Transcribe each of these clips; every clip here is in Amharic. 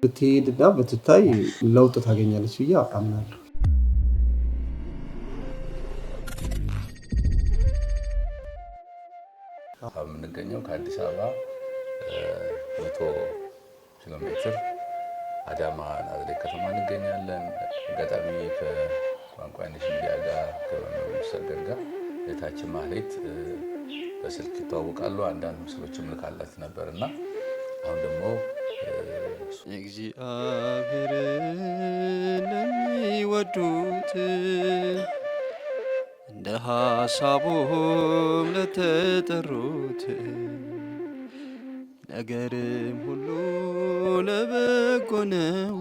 ብትሄድ ብትሄድና ብትታይ ለውጥ ታገኛለች ብዬ አምናለሁ። የምንገኘው ከአዲስ አበባ መቶ ኪሎ ሜትር አዳማ ናዝሬት ከተማ እንገኛለን። አጋጣሚ ከቋንቋነሽ ሚዲያ ጋር ከሰገድ ጋር የታችን ማህሌት በስልክ ይተዋወቃሉ። አንዳንድ ምስሎች ምልካላት ነበር እና አሁን ደግሞ እግዚአብሔርን ለሚወዱት እንደ ሐሳቡም ለተጠሩት ነገርም ሁሉ ለበጎ ነው።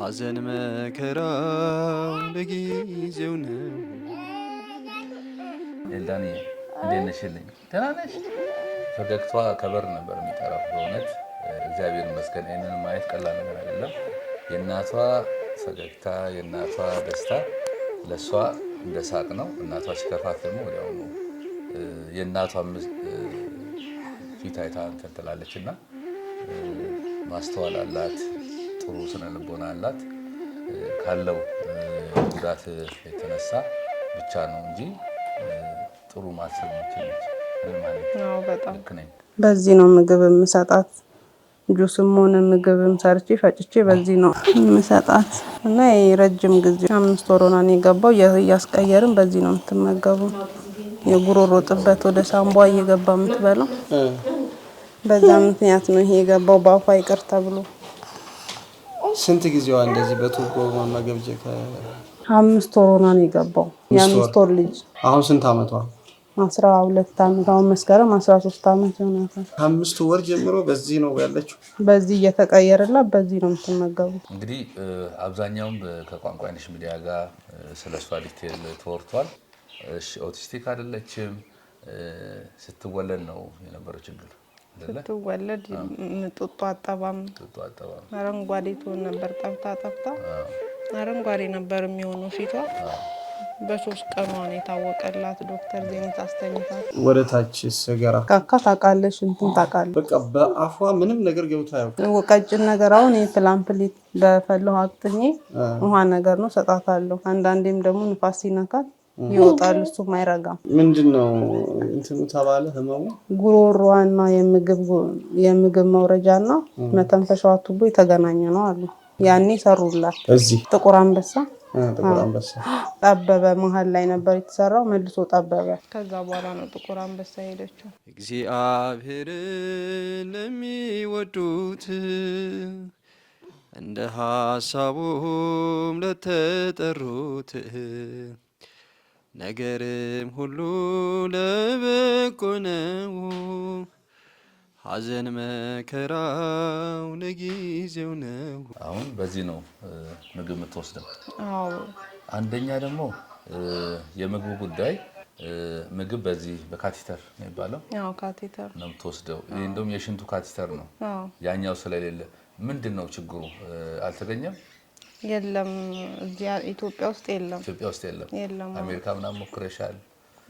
ሐዘን መከራው ለጊዜው ነው። ኤልዳኔ እንዴት ነሽልኝ? ደህና ነሽ? ፈገግቷ ከበር ነበር የሚጠራው በእውነት እግዚአብሔር ይመስገን። ይህንን ማየት ቀላል ነገር አይደለም። የእናቷ ፈገግታ፣ የእናቷ ደስታ ለእሷ እንደ ሳቅ ነው። እናቷ ሲከፋት ደግሞ ወዲያውኑ የእናቷ ፊት አይታ እንትን ትላለች እና ማስተዋል አላት፣ ጥሩ ስነልቦና አላት። ካለው ጉዳት የተነሳ ብቻ ነው እንጂ ጥሩ ማሰብ ምችል ልክ ነኝ። በዚህ ነው ምግብ የምሰጣት ጁስም ሆነ ምግብም ሰርቼ ፈጭቼ በዚህ ነው የምሰጣት እና ረጅም ጊዜ አምስት ወሮና ነው የገባው እያስቀየርም በዚህ ነው የምትመገበው? የጉሮሮ ጥበት ወደ ሳምቧ እየገባ የምትበላው በዛ ምክንያት ነው ይሄ የገባው በአፏ ይቅር ተብሎ። ስንት ጊዜዋ እንደዚህ በቱቦ መመገብ አምስት ወሮና ነው የገባው የአምስት ወር ልጅ አሁን ስንት አመቷ? አስራ ሁለት ዓመት አሁን መስከረም አስራ ሶስት ዓመት ይሆናታል። ከአምስቱ ወር ጀምሮ በዚህ ነው ያለችው። በዚህ እየተቀየረላ በዚህ ነው የምትመገቡ። እንግዲህ አብዛኛውም ከቋንቋ አይነሽ ሚዲያ ጋር ስለ እሷ ዲቴል ተወርቷል። ኦቲስቲክ አይደለችም። ስትወለድ ነው የነበረው ችግር። ስትወለድ ጡጦ አጠባም አረንጓዴ ትሆን ነበር። ጠብታ ጠብታ አረንጓዴ ነበር የሚሆነው ፊቷ በሶስት ቀኗ ነው የታወቀላት። ዶክተር ዜነት አስተኝታል። ወደ ታች ስገራ ካካ ታውቃለሽ፣ እንትን ታውቃለሽ። በቃ በአፏ ምንም ነገር ገብታ ያው ቀጭን ነገር አሁን ይህ በፈለው በፈለሁ ውሃ ነገር ነው ሰጣታለሁ። አንዳንዴም ደግሞ ንፋስ ሲነካል ይወጣል። እሱም አይረጋም። ምንድን ነው እንትኑ ተባለ ህመሙ ጉሮሯና የምግብ መውረጃና መተንፈሻዋ ቱቦ የተገናኘ ነው አሉ። ያኔ ሰሩላት እዚህ ጥቁር አንበሳ ጠበበ መሀል ላይ ነበር የተሰራው፣ መልሶ ጠበበ። ከዛ በኋላ ነው ጥቁር አንበሳ ሄደችው። እግዚአብሔር ለሚወዱት እንደ ሀሳቡም ለተጠሩት ነገርም ሁሉ ለበጎ ነው። ሐዘን መከራው ለጊዜው ነው። አሁን በዚህ ነው ምግብ የምትወስደው። አንደኛ ደግሞ የምግቡ ጉዳይ ምግብ በዚህ በካቴተር ነው የሚባለው ካቴተር ነው የምትወስደው። ይህ እንደውም የሽንቱ ካቴተር ነው ያኛው ስለሌለ ምንድን ነው ችግሩ? አልተገኘም። የለም፣ ኢትዮጵያ ውስጥ የለም። ኢትዮጵያ ውስጥ የለም። አሜሪካ ምናምን ሞክረሻል?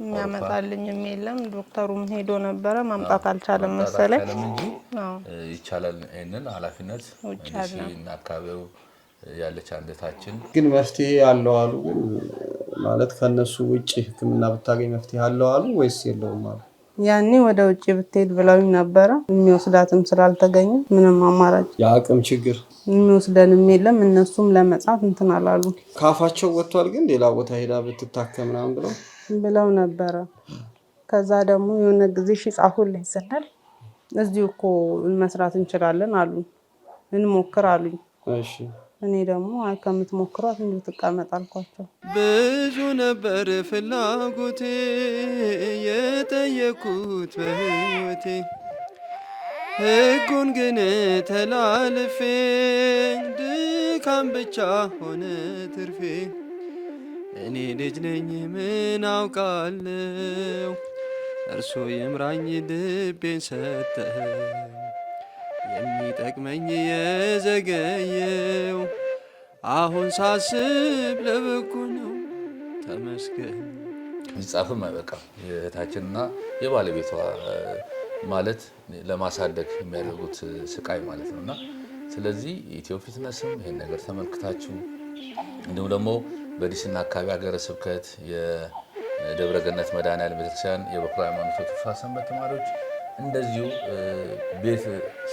የሚያመጣልኝም የለም። ዶክተሩም ሄዶ ነበረ ማምጣት አልቻለም መሰለኝ። ይቻላል። ይህንን ኃላፊነት አካባቢው ያለች አንደታችን ግን መፍትሄ አለው አሉ። ማለት ከነሱ ውጭ ሕክምና ብታገኝ መፍትሄ አለው አሉ ወይስ የለውም አሉ? ያኔ ወደ ውጭ ብትሄድ ብለውኝ ነበረ። የሚወስዳትም ስላልተገኘ ምንም አማራጭ የአቅም ችግር የሚወስደንም የለም። እነሱም ለመጻፍ እንትን አላሉ። ካፋቸው ወጥቷል። ግን ሌላ ቦታ ሄዳ ብትታከም ምናምን ብለው ብለው ነበረ። ከዛ ደግሞ የሆነ ጊዜ ሺ ጻፉልኝ ስንል እዚሁ እኮ መስራት እንችላለን አሉ። እንሞክር አሉኝ። እኔ ደግሞ አይ ከምትሞክሯት እንዲሁ ትቀመጥ አልኳቸው። ብዙ ነበር ፍላጎቴ የጠየኩት በህይወቴ ህጉን ግን ተላልፌ ድካም ብቻ ሆነ ትርፌ እኔ ልጅ ነኝ ምን አውቃለሁ፣ እርሶ የምራኝ ልቤን ሰጠ የሚጠቅመኝ የዘገየው አሁን ሳስብ ለበጎ ነው ተመስገን። መጽሐፍም አይበቃም የእህታችንና የባለቤቷ ማለት ለማሳደግ የሚያደርጉት ስቃይ ማለት ነው እና ስለዚህ ኢትዮ ፊትነስም ይህን ነገር ተመልክታችሁ እንዲሁም ደግሞ በዲስና አካባቢ ሀገረ ስብከት የደብረ ገነት መድኃኔዓለም ቤተክርስቲያን የበኩር ሃይማኖት የትሩፋት ሰንበት ተማሪዎች እንደዚሁ ቤት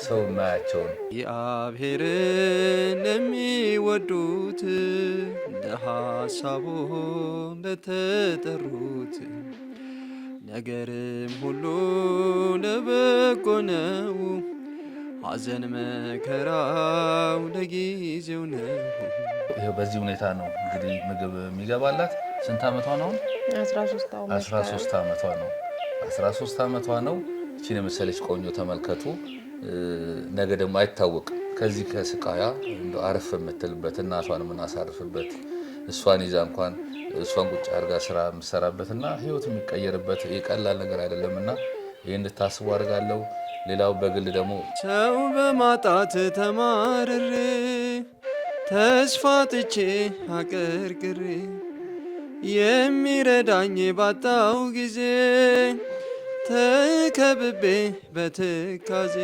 ሰው የማያቸውን እግዚአብሔርን የሚወዱት ለሐሳቡ ለተጠሩት ነገርም ሁሉ ለበጎ ነው። ሐዘን መከራው ለጊዜው ነው። በዚህ ሁኔታ ነው እንግዲህ ምግብ የሚገባላት። ስንት ዓመቷ ነው? 13 ዓመቷ ነው። 13 ዓመቷ ነው። እቺን የመሰለች ቆንጆ ተመልከቱ። ነገ ደግሞ አይታወቅም ከዚህ ከስቃያ አረፍ የምትልበት እናቷን የምናሳርፍበት እሷን ይዛ እንኳን እሷን ቁጭ አድርጋ ስራ የምትሰራበት እና ህይወት የሚቀየርበት የቀላል ነገር አይደለም እና ይህ እንድታስቡ አድርጋለሁ። ሌላው በግል ደግሞ ሰው በማጣት ተማርሬ ተስፋ ጥቼ አቀርቅሬ የሚረዳኝ ባጣው ጊዜ ተከብቤ በትካዜ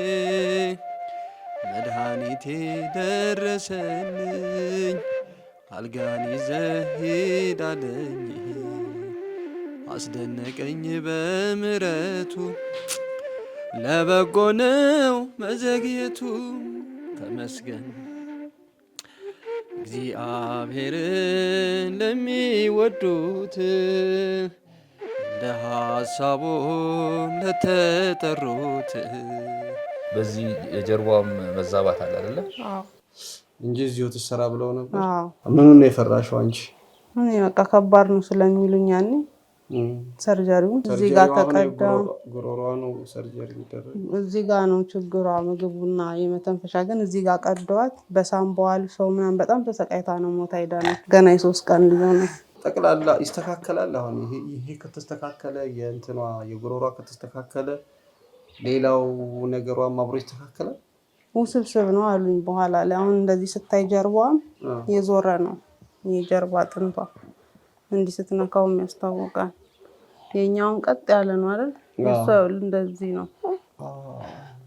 መድኃኒቴ ደረሰልኝ አልጋን ይዘሄዳለኝ አስደነቀኝ በምረቱ ለበጎ ነው መዘግየቱ ተመስገን እግዚአብሔርን ለሚወዱት እንደ ሀሳቡ ለተጠሩት በዚህ የጀርባም መዛባት አለ አይደለ? እንጂ እዚሁ ትሰራ ብለው ነበር። ምኑን ነው የፈራሽው አንቺ? በቃ ከባድ ነው ስለሚሉኝ ያኔ ሰርጀሪውን እዚህ ጋር ተቀዳ እዚህ ጋር ነው ችግሯ፣ ምግቡና የመተንፈሻ ግን እዚህ ጋር ቀደዋት። ምናምን በጣም ተሰቃይታ ነው ሞታ ሄዳ ነው። ገና የሶስት ቀን ነው። ጠቅላላ ይስተካከላል። አሁን ይሄ ከተስተካከለ የእንትኗ የጉሮሯ ከተስተካከለ ሌላው ነገሯም አብሮ ይስተካከላል። ውስብስብ ነው አሉኝ በኋላ ላይ። አሁን እንደዚህ ስታይ ጀርባዋም የዞረ ነው የጀርባ አጥንቷ እንዲህ ስትነካውም ያስታውቃል። የኛውን ቀጥ ያለ ነው አይደል? የእሷ እንደዚህ ነው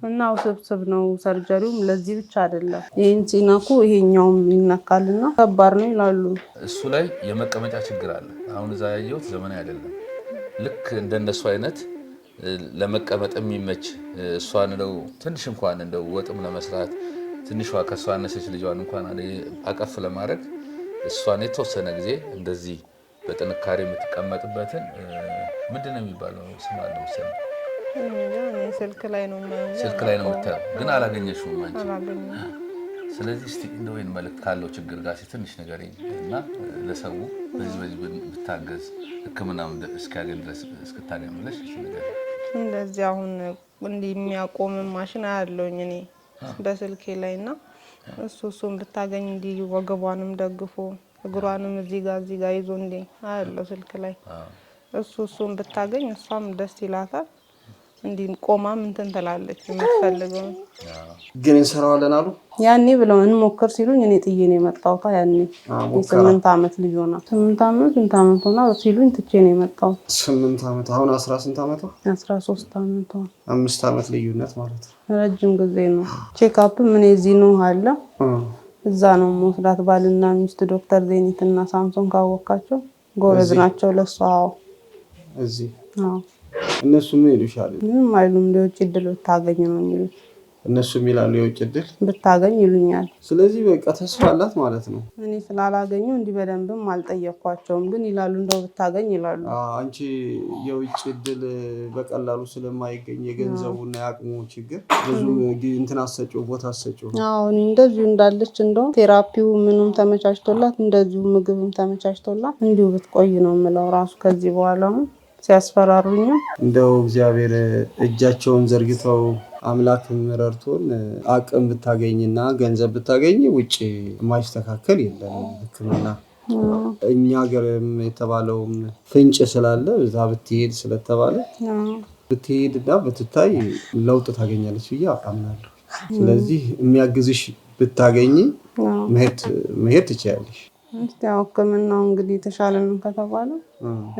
እና ውስብስብ ነው። ሰርጀሪውም ለዚህ ብቻ አይደለም። ይህን ሲነኩ ይሄኛውም ይነካልና ከባድ ነው ይላሉ። እሱ ላይ የመቀመጫ ችግር አለ። አሁን እዛ ያየሁት ዘመናዊ አይደለም። ልክ እንደነሱ አይነት ለመቀመጥ የሚመች እሷን እንደው ትንሽ እንኳን እንደው ወጥም ለመስራት ትንሿ ከእሷ አነሰች ልጇን እንኳን አቀፍ ለማድረግ እሷን የተወሰነ ጊዜ እንደዚህ በጥንካሬ የምትቀመጥበትን ምንድን ነው የሚባለው? ስም አለ መሰለኝ። ስልክ ላይ ነው የምታየው፣ ግን አላገኘሽውም አንቺ። ስለዚህ እስኪ እንደው ይሄን መልዕክት ካለው ችግር ጋር እስኪ ትንሽ ንገሪኝ እና ለሰው በዚህ በዚህ ብታገዝ ሕክምና እስኪያገኝ ድረስ እስክታገኝ ብለሽ እንደዚህ አሁን እንዲህ የሚያቆም ማሽን አያለውኝ እኔ በስልኬ ላይ እና እሱ እሱን ብታገኝ እንዲህ ወገቧንም ደግፎ እግሯንም እዚህ ጋር እዚህ ጋር ይዞ እንዴ አያለው ስልክ ላይ እሱ እሱን ብታገኝ እሷም ደስ ይላታል። እንዲህ ቆማ ምንትን ትላለች የምትፈልገው ግን እንሰራዋለን አሉ። ያኔ ብለው እንሞክር ሲሉኝ እኔ ጥዬ ነው የመጣሁት። ያኔ ስምንት ዓመት ልጅ ሆና ስምንት ዓመት ስንት ዓመት ሆና ሲሉኝ ትቼ ነው የመጣሁት። ስምንት ዓመት አሁን አስራ ስንት ዓመቷ? አስራ ሶስት ዓመቷ። አምስት ዓመት ልዩነት ማለት ነው። ረጅም ጊዜ ነው። ቼክአፕ ምን የዚህ ነው አለ እዛ ነው መስዳት ባልና ሚስት ዶክተር ዜኒት እና ሳምሶን ካወቃቸው ጎበዝ ናቸው። ለሷ እዚህ እነሱ ምን ይሉሻል? ምንም አይሉም። ለውጭ እድል ብታገኝ ነው የሚሉት እነሱ ይላሉ የውጭ እድል ብታገኝ ይሉኛል። ስለዚህ በቃ ተስፋ አላት ማለት ነው። እኔ ስላላገኙ እንዲህ በደንብም አልጠየኳቸውም፣ ግን ይላሉ እንደው ብታገኝ ይላሉ። አንቺ የውጭ እድል በቀላሉ ስለማይገኝ የገንዘቡና የአቅሙ ችግር ብዙ እንትን አሰጪው ቦታ አሰጪው እንደዚሁ እንዳለች እንደው ቴራፒው ምኑም ተመቻችቶላት እንደዚሁ ምግብም ተመቻችቶላት እንዲሁ ብትቆይ ነው የምለው ራሱ ከዚህ በኋላ ሲያስፈራሩኝም እንደው እግዚአብሔር እጃቸውን ዘርግተው አምላክ ምረርቶን አቅም ብታገኝና ገንዘብ ብታገኝ ውጭ የማይስተካከል የለም ህክምና እኛ ሀገርም የተባለውም ፍንጭ ስላለ እዛ ብትሄድ ስለተባለ ብትሄድና ብትታይ ለውጥ ታገኛለች ብዬ አምናለሁ። ስለዚህ የሚያግዝሽ ብታገኝ መሄድ ትችላለሽ። ያው ሕክምናው እንግዲህ የተሻለ ነው ከተባለ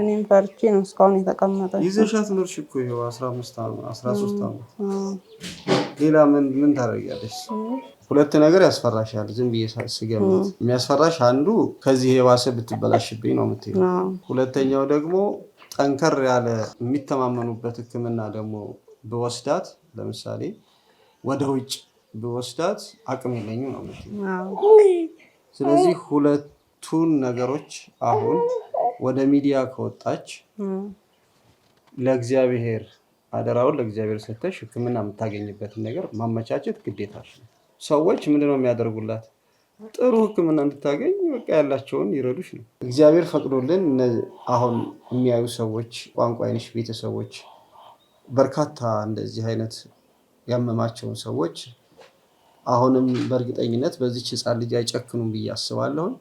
እኔም ፈርቼ ነው እስካሁን የተቀመጠ። ይዘሻት ኖርሽ እኮ ይኸው አስራ አምስት ዓመት ሌላ ምን ምን ታደርጊያለሽ? ሁለት ነገር ያስፈራሻል። ዝም ብዬ ስገምት የሚያስፈራሽ አንዱ ከዚህ የባሰ ብትበላሽብኝ ነው የምትይው። ሁለተኛው ደግሞ ጠንከር ያለ የሚተማመኑበት ህክምና ደግሞ ብወስዳት ለምሳሌ ወደ ውጭ ብወስዳት አቅም የለኝም ነው የምትይው። ስለዚህ ሁለት ሁለቱን ነገሮች አሁን ወደ ሚዲያ ከወጣች ለእግዚአብሔር አደራውን ለእግዚአብሔር ሰተሽ ሕክምና የምታገኝበትን ነገር ማመቻቸት ግዴታሽ ነው። ሰዎች ምንድነው የሚያደርጉላት? ጥሩ ሕክምና እንድታገኝ በቃ ያላቸውን ይረዱሽ ነው። እግዚአብሔር ፈቅዶልን አሁን የሚያዩ ሰዎች ቋንቋ አይነሽ ቤተሰቦች በርካታ እንደዚህ አይነት ያመማቸውን ሰዎች አሁንም በእርግጠኝነት በዚች ህፃን ልጅ አይጨክኑም ብዬ አስባለሁኝ።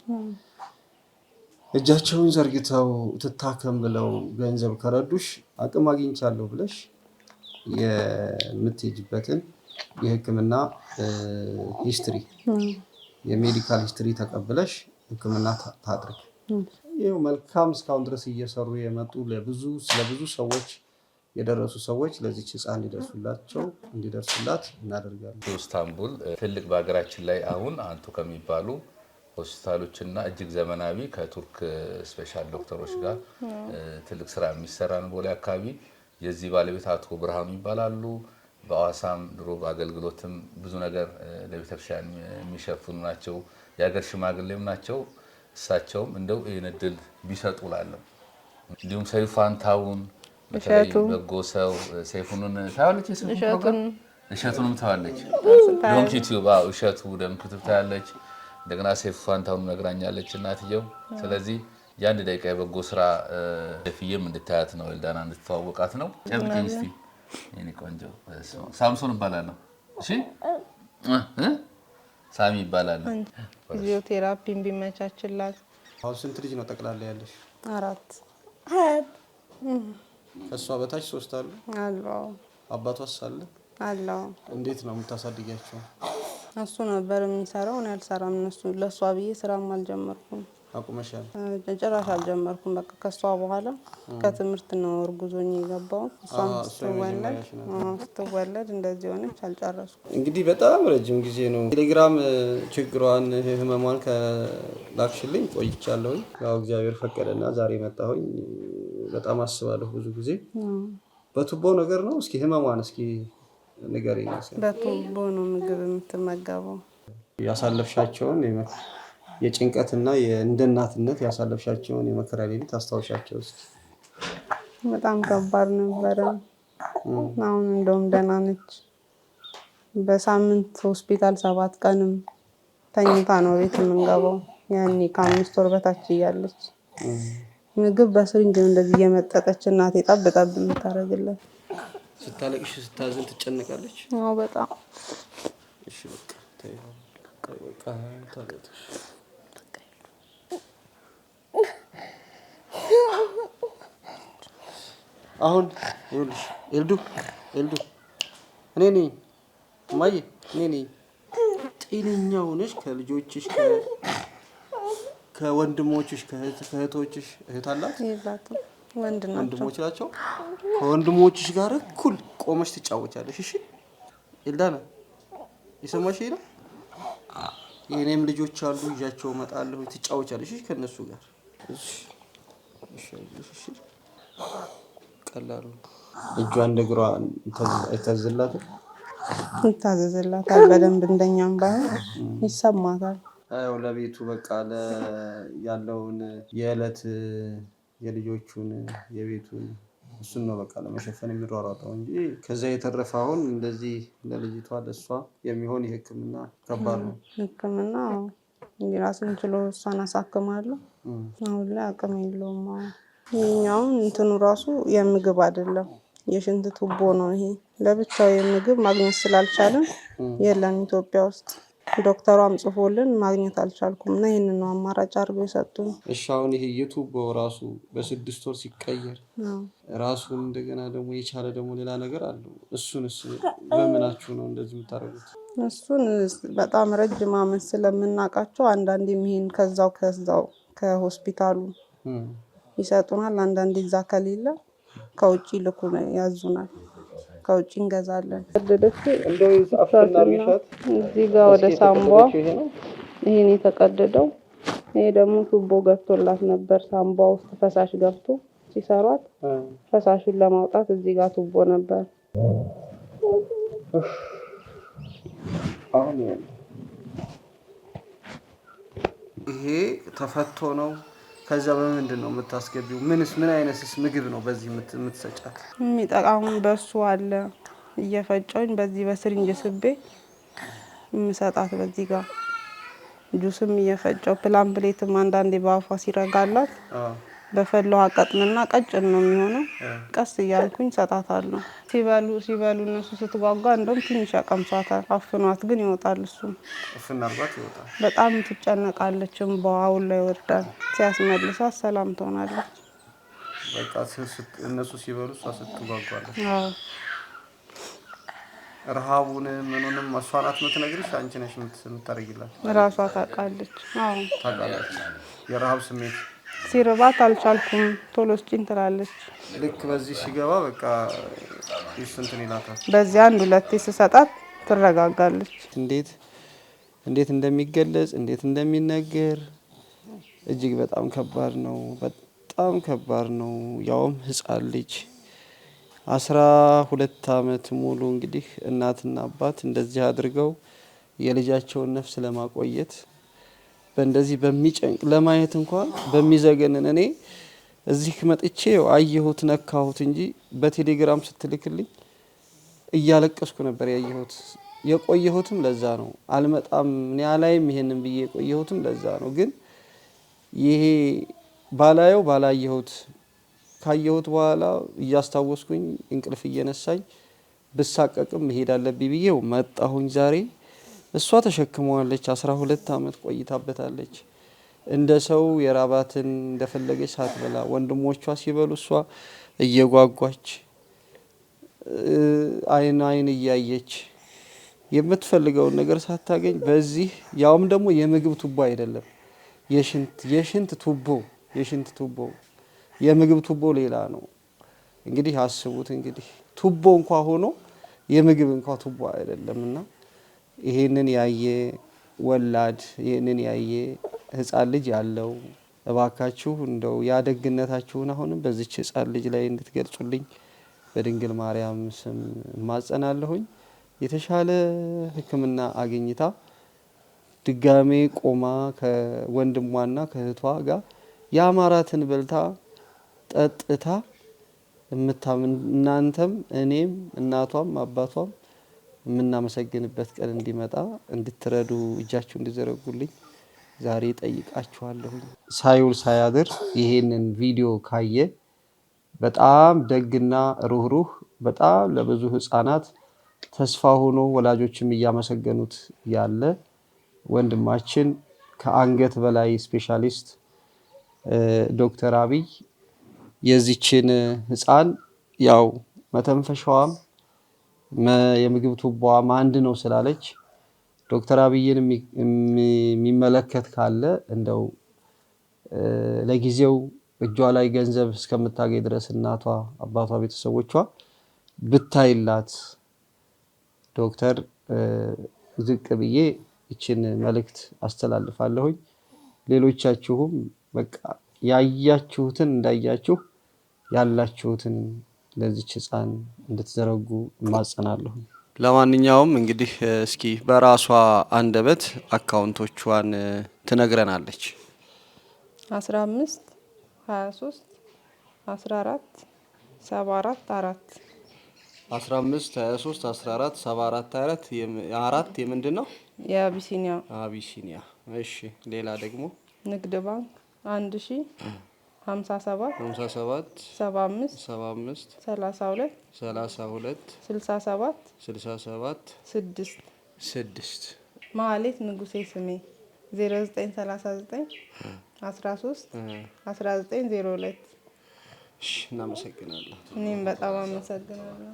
እጃቸውን ዘርግተው ትታከም ብለው ገንዘብ ከረዱሽ አቅም አግኝቻለሁ ብለሽ የምትሄጅበትን የሕክምና ሂስትሪ የሜዲካል ሂስትሪ ተቀብለሽ ሕክምና ታድርግ። ይኸው መልካም እስካሁን ድረስ እየሰሩ የመጡ ለብዙ ሰዎች የደረሱ ሰዎች ለዚች ህፃን እንዲደርሱላቸው እንዲደርሱላት እናደርጋለን። ኢስታንቡል ትልቅ በሀገራችን ላይ አሁን አንቱ ከሚባሉ ሆስፒታሎች እና እጅግ ዘመናዊ ከቱርክ ስፔሻል ዶክተሮች ጋር ትልቅ ስራ የሚሰራ ነው። ቦሌ አካባቢ የዚህ ባለቤት አቶ ብርሃኑ ይባላሉ። በአዋሳም ድሮ በአገልግሎትም ብዙ ነገር ለቤተክርስቲያን የሚሸፍኑ ናቸው። የሀገር ሽማግሌም ናቸው። እሳቸውም እንደው ይህን እድል ቢሰጡ ላለው እንዲሁም ሰይፉ ፋንታውን በጎ ሰው ሰይፉንን ታያለች፣ እሸቱንም ታያለች፣ ዶንኪ ቲዩብ እሸቱ ደምክትብ ታያለች። እንደገና ሴፍ ፋንታሁን ነግራኛለች እናትየው። ስለዚህ የአንድ ደቂቃ የበጎ ስራ ፍየም እንድታያት ነው ኤልዳና እንድትተዋወቃት ነው። ጨብጭኝ ቆንጆ። ሳምሶን እባላለሁ። እሺ ሳሚ ይባላል። ፊዚዮቴራፒን ቢመቻችላት። አሁን ስንት ልጅ ነው ጠቅላላ ያለሽ? አራት። ከእሷ በታች ሶስት አሉ አለው። አባቷስ አለ እንዴት ነው የምታሳድጊያቸው? እሱ ነበር የሚሰራው። እኔ አልሰራም። እነሱ ለእሷ ብዬ ስራም አልጀመርኩም። አቁመሻል? ጭራሽ አልጀመርኩም። በቃ ከእሷ በኋላ ከትምህርት ነው እርጉዞኝ የገባው። እሷም ስትወለድ ስትወለድ እንደዚህ ሆነች። አልጨረስኩም። እንግዲህ በጣም ረጅም ጊዜ ነው። ቴሌግራም ችግሯን ህመሟን ከላክሽልኝ ቆይቻለሁኝ። ያው እግዚአብሔር ፈቀደና ዛሬ መጣሁኝ። በጣም አስባለሁ ብዙ ጊዜ በቱቦ ነገር ነው። እስኪ ህመሟን እስኪ ንገሪኝ። በቱቦ ነው ምግብ የምትመገበው? ያሳለፍሻቸውን የጭንቀትና እንደ እናትነት ያሳለፍሻቸውን የመከራ ሌሊት አስታውሻቸው በጣም ከባድ ነበረ። አሁን እንደውም ደህና ነች። በሳምንት ሆስፒታል ሰባት ቀንም ተኝታ ነው ቤት የምንገባው። ያኔ ከአምስት ወር በታች እያለች ምግብ በስሪንጅ እንደዚህ እየመጠጠች እናቴ ጠብ ጠብ የምታደርግለት ስታለቅሽ ስታዝን ትጨነቃለች። አዎ በጣም እሺ፣ በቃ አሁን ይኸውልሽ ኤልዱ ኤልዱ፣ እኔ ነኝ እማዬ፣ እኔ ነኝ። ጤነኛ ሆነሽ ከልጆችሽ ከወንድሞችሽ ከእህቶችሽ እህት አላት ወንድሞች ናቸው። ከወንድሞችሽ ጋር እኩል ቆመሽ ትጫወቻለሽ። እሺ ኤልዳና የሰማሽ ነው። የእኔም ልጆች አሉ፣ ይዣቸው እመጣለሁ። ትጫወቻለሽ ከእነሱ ጋር ቀላሉ እጇ እንደ እግሯ አይታዘዝላትም። ይታዘዝላታል በደንብ እንደኛም ባይሆን ይሰማታል። ለቤቱ በቃ ያለውን የዕለት የልጆቹን የቤቱን እሱን ነው በቃ ለመሸፈን የሚሯሯጠው እንጂ ከዛ የተረፈ አሁን እንደዚህ ለልጅቷ ለእሷ የሚሆን የህክምና ከባድ ነው። ህክምና ራሱን ችሎ እሷን አሳክማለሁ። አሁን ላይ አቅም የለውም። ይኛውን እንትኑ ራሱ የምግብ አይደለም የሽንት ቱቦ ነው ይሄ ለብቻው የምግብ ማግኘት ስላልቻልን የለም ኢትዮጵያ ውስጥ ዶክተሯም ጽፎልን ማግኘት አልቻልኩም እና ይህንን ነው አማራጭ አድርገው የሰጡኝ። እሺ አሁን ይሄ የቱቦ ራሱ በስድስት ወር ሲቀየር ራሱን እንደገና ደግሞ የቻለ ደግሞ ሌላ ነገር አለው። እሱንስ በምናችሁ ነው እንደዚህ የምታደርጉት? እሱን በጣም ረጅም አመት ስለምናውቃቸው አንዳንዴ ይሄን ከዛው ከዛው ከሆስፒታሉ ይሰጡናል። አንዳንዴ እዛ ከሌለ ከውጭ ልኩ ያዙናል። ከውጭ እንገዛለን። እዚህ ጋር ወደ ሳምቧ ይህን የተቀደደው ይሄ ደግሞ ቱቦ ገብቶላት ነበር። ሳምቧ ውስጥ ፈሳሽ ገብቶ ሲሰሯት ፈሳሹን ለማውጣት እዚህ ጋር ቱቦ ነበር። ይሄ ተፈቶ ነው ከዛ በምንድን ነው የምታስገቢው? ምንስ ምን አይነትስ ምግብ ነው በዚህ የምትሰጫት? የሚጠቃሙን በሱ አለ እየፈጨውኝ በዚህ በስሪንጅ ስቤ የምሰጣት በዚህ ጋር ጁስም እየፈጨው ፕላምፕሌትም አንዳንዴ በአፏ ሲረጋላት በፈለው አቀጥንና ቀጭን ነው የሚሆነው። ቀስ እያልኩኝ ሰጣታለሁ። ሲበሉ ሲበሉ እነሱ ስትጓጓ እንደም ትንሽ ያቀምሷታል። አፍኗት ግን ይወጣል። እሱ በጣም ትጨነቃለች። በአሁን ላይ ወርዳል ሲያስመልሳት ሰላም ትሆናለች። እነሱ ሲበሉ እሷ ስትጓጓለች። ረሃቡን ምኑንም እሷ ናት የምትነግርሽ? አንቺ ነሽ የምታደርጊላት? እራሷ ታውቃለች። ታውቃለች የረሃብ ስሜት ሲርባት አልቻልኩም ቶሎ ስጪኝ ትላለች። ልክ በዚህ ሲገባ በቃ እንትን ይላታል። በዚህ አንድ ሁለቴ ስሰጣት ትረጋጋለች። እንዴት እንዴት እንደሚገለጽ እንዴት እንደሚነገር እጅግ በጣም ከባድ ነው። በጣም ከባድ ነው። ያውም ህፃን ልጅ አስራ ሁለት አመት ሙሉ እንግዲህ እናትና አባት እንደዚህ አድርገው የልጃቸውን ነፍስ ለማቆየት በእንደዚህ በሚጨንቅ ለማየት እንኳን በሚዘገንን እኔ እዚህ መጥቼ አየሁት ነካሁት እንጂ በቴሌግራም ስትልክልኝ እያለቀስኩ ነበር ያየሁት። የቆየሁትም ለዛ ነው። አልመጣም ኒያ ላይም ይሄንን ብዬ የቆየሁትም ለዛ ነው። ግን ይሄ ባላየው ባላየሁት ካየሁት በኋላ እያስታወስኩኝ እንቅልፍ እየነሳኝ ብሳቀቅም መሄድ አለብኝ ብዬው መጣሁኝ ዛሬ። እሷ ተሸክመዋለች። አስራ ሁለት ዓመት ቆይታበታለች። እንደ ሰው የራባትን እንደፈለገች ሳትበላ ወንድሞቿ ሲበሉ እሷ እየጓጓች አይን አይን እያየች የምትፈልገውን ነገር ሳታገኝ በዚህ ያውም ደግሞ የምግብ ቱቦ አይደለም የሽንት የሽንት ቱቦ የሽንት ቱቦ የምግብ ቱቦ ሌላ ነው። እንግዲህ አስቡት እንግዲህ ቱቦ እንኳ ሆኖ የምግብ እንኳ ቱቦ አይደለምና ይህንን ያየ ወላድ ይህንን ያየ ህፃን ልጅ ያለው እባካችሁ እንደው ያደግነታችሁን አሁንም በዚች ህፃን ልጅ ላይ እንድትገልጹልኝ በድንግል ማርያም ስም እማጸናለሁኝ። የተሻለ ሕክምና አግኝታ ድጋሜ ቆማ ከወንድሟና ከእህቷ ጋር የአማራትን በልታ ጠጥታ እናንተም እኔም እናቷም አባቷም የምናመሰግንበት ቀን እንዲመጣ እንድትረዱ እጃችሁ እንዲዘረጉልኝ ዛሬ ጠይቃችኋለሁኝ። ሳይውል ሳያድር ይሄንን ቪዲዮ ካየ በጣም ደግና ሩህሩህ በጣም ለብዙ ህፃናት ተስፋ ሆኖ ወላጆችም እያመሰገኑት ያለ ወንድማችን ከአንገት በላይ ስፔሻሊስት ዶክተር አብይ የዚችን ህፃን ያው መተንፈሻዋም የምግብ ቱቦ ማንድ ነው ስላለች ዶክተር አብይን የሚመለከት ካለ እንደው ለጊዜው እጇ ላይ ገንዘብ እስከምታገኝ ድረስ እናቷ፣ አባቷ፣ ቤተሰቦቿ ብታይላት ዶክተር ዝቅ ብዬ ይችን መልእክት አስተላልፋለሁኝ። ሌሎቻችሁም በቃ ያያችሁትን እንዳያችሁ ያላችሁትን ለዚች ህፃን ። እንድትዘረጉ እማጸናለሁ። ለማንኛውም እንግዲህ እስኪ በራሷ አንደበት አካውንቶቿን ትነግረናለች። አምስት ሀያ ሶስት አስራ አራት 15 23 14 74 አራት አራት የምንድን ነው? የአቢሲኒያ አቢሲኒያ። እሺ ሌላ ደግሞ ንግድ ባንክ አንድ ሺ ሀምሳ ሰባት ሀምሳ ሰባት ሰባ አምስት ሰባ አምስት ሰላሳ ሁለት ሰላሳ ሁለት ስልሳ ሰባት ስልሳ ሰባት ስድስት ስድስት ንጉሴ ስሜ ዜሮ ዘጠኝ ሰላሳ ዘጠኝ አስራ ሶስት አስራ ዘጠኝ ዜሮ ሁለት እናመሰግናለሁ። እኔም በጣም አመሰግናለሁ።